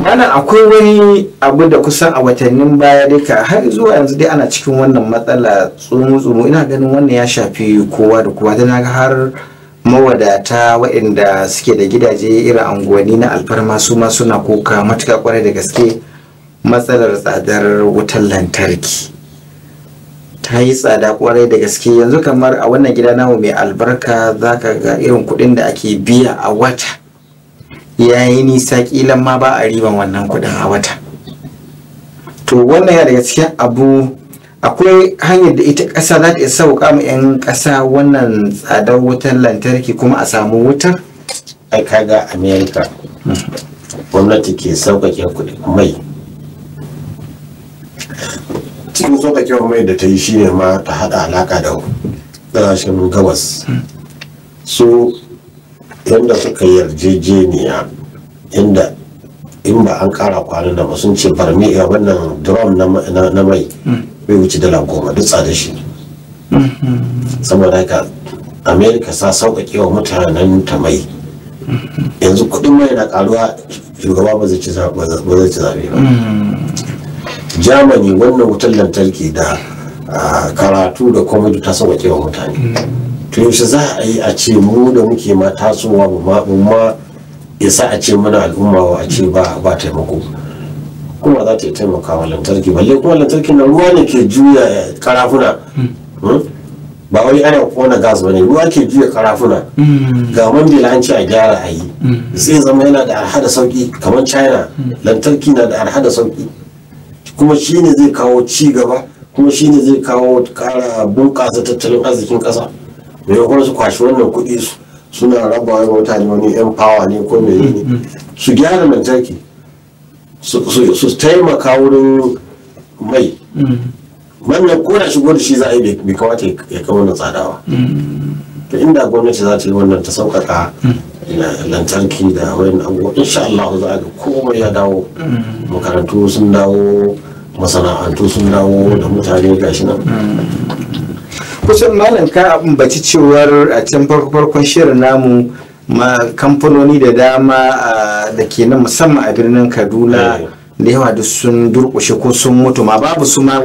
malam akwai wani abu da kusan a watannin baya duka har zuwa yanzu dai ana cikin wannan matsala tsumu-tsumu ina ganin wannan ya shafi kowa da kowa tana ga har mawadata waɗanda suke da gidaje irin anguwanni na alfarma su ma suna koka matuƙa kwarai da gaske matsalar tsadar wutar lantarki ta yi tsada kwarai da gaske yanzu kamar a wannan gida namu mai albarka zaka ga irin kuɗin da ake biya a wata ya yi nisa kilan ma ba a riban wannan kudin a wata to wannan ya daga cikin abu akwai hanyar da ita ƙasa za ta iya sauƙa ma 'yan ƙasa wannan tsadar wutar lantarki kuma a samu wutar ai kaga america hmm. gwamnati ke sauƙaƙe kuɗin mai cikin sauƙaƙe mai da ta yi shi ne ma ta haɗa alaƙa da ƙasashen gabas hmm. so wanda suka yarjejeniya inda in ba an kara kwanan da ba sun ce barmi a eh, wannan drum na mai mm. bai wuce dala goma duk tsada shi mm-hmm. saboda haka america sa sauƙaƙe wa mutanen ta mai mm-hmm. yanzu kuɗin mai na ƙaruwa shugaba ba zai ci zaɓe ba mm-hmm. germany wannan wutar lantarki da ah, karatu da komai ta sauƙaƙe wa mutane to yaushe za a yi a ce mu da muke ma tasowa mu ma sa a ce muna al'umma a ce ba ba taimako kuma za ta taimaka wa lantarki balle kuma lantarki na ruwa ne ke juya karafuna hmm. Hmm? ba wai ana kona gas bane ruwa ke juya karafuna hmm. ga mandila an ce a gyara a yi sai zama yana da arha da sauki kamar china lantarki na da arha da sauki kuma shine zai kawo ci gaba kuma shine zai kawo kara bunƙasa tattalin arzikin ƙasa mai kuma su kwashi wannan kuɗi su suna raba wa mutane wani yan fawa ne ko me ne mm-hmm. su gyara lantarki su taimaka wurin mai mm-hmm. wannan ko da shigo da shi za a yi bai kamata ya kawo wannan tsadawa mm-hmm. to inda gwamnati za ta yi wannan ta sauƙaƙa lantarki da wani abubuwa insha Allah za a ga komai ya dawo makarantu sun dawo masana'antu sun dawo da mutane gashi nan kusan malam ka baci cewar a can farko-farkon shirin namu ma kamfanoni da dama da ke nan musamman a birnin kaduna eh. da yawa da sun durkushe ko sun mutu ma babu su ma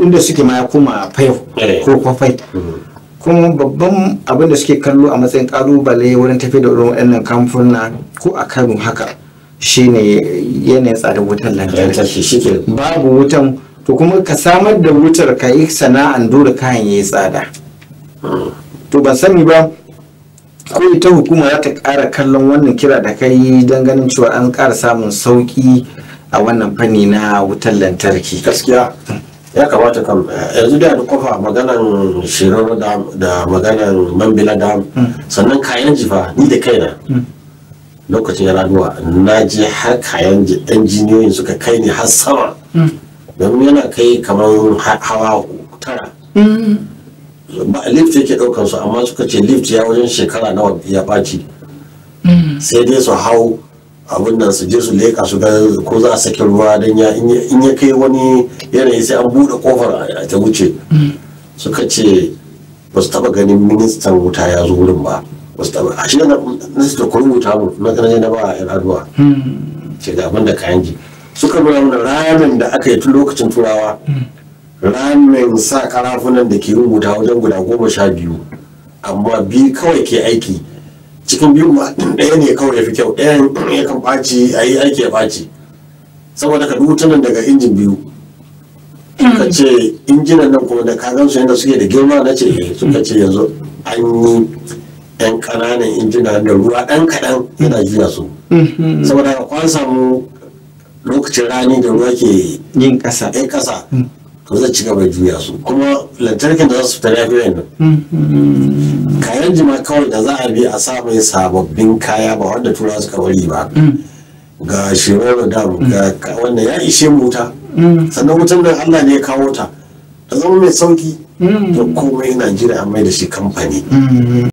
inda suke ma ya koma faif eh. ko kwafai mm. kuma babban abin da suke kallo a matsayin kalubale wurin tafi da irin wannan kamfuna ko a kano haka shine yanayin tsadar wutan lantarki babu wutan to kuma ka samar da wutar ka yi sana'an dole kayan ya yi tsada to ban sani ba ko ita hukuma za ta ƙara kallon wannan kira da ka yi don ganin cewa an ƙara samun sauƙi a wannan fanni na wutar lantarki gaskiya ya kamata kam yanzu da kofa maganan shirar da maganan mambila da hmm. sannan kayan jifa ni da kaina hmm. lokacin duwa na je har kayan injiniyoyin suka kai ni har sama hmm. domin yana kai kamar hawa tara lift yake daukar su amma suka ce lift ya wajen shekara nawa ya baci sai dai su hau abin nan su je su leka su ga ko za a sake ruwa don ya in ya kai wani yanayi sai an buɗe kofar a ta wuce suka ce ba su taɓa ganin ministan wuta ya zo wurin ba ba su taɓa a shi na nasta wuta mu na ganin na ba a yan aduwa ce hmm. ga abin da kayan ji suka bi wani ramin da aka yi tun lokacin turawa ramin sa karafunan da ke rubuta wajen guda goma sha biyu amma biyu kawai ke aiki cikin biyu ma ɗaya ne kawai fi kyau ɗaya ya kan ɓaci a yi aiki ya ɓaci saboda ka nan daga injin biyu ka ce injinan nan kuma da kagansu su yadda suke da girma na ce eh, suka ce yanzu an yi yan ƙananan injina da ruwa ɗan kaɗan yana juya su mm-hmm. saboda kwan samu lokacin rani da ruwa ke yin ƙasa yin ƙasa mm. to zai ci gaba juya su kuma lantarkin da za su tare fi nan mm. kayan jima kawai da za a bi a sa mai sababbin kaya ba wanda tura suka bari ba mm. ga shirar da ga wanda ya ishe mota sannan wutan nan allah ne ya kawo ta da zama mai sauki da komai na jira a mai da shi kamfani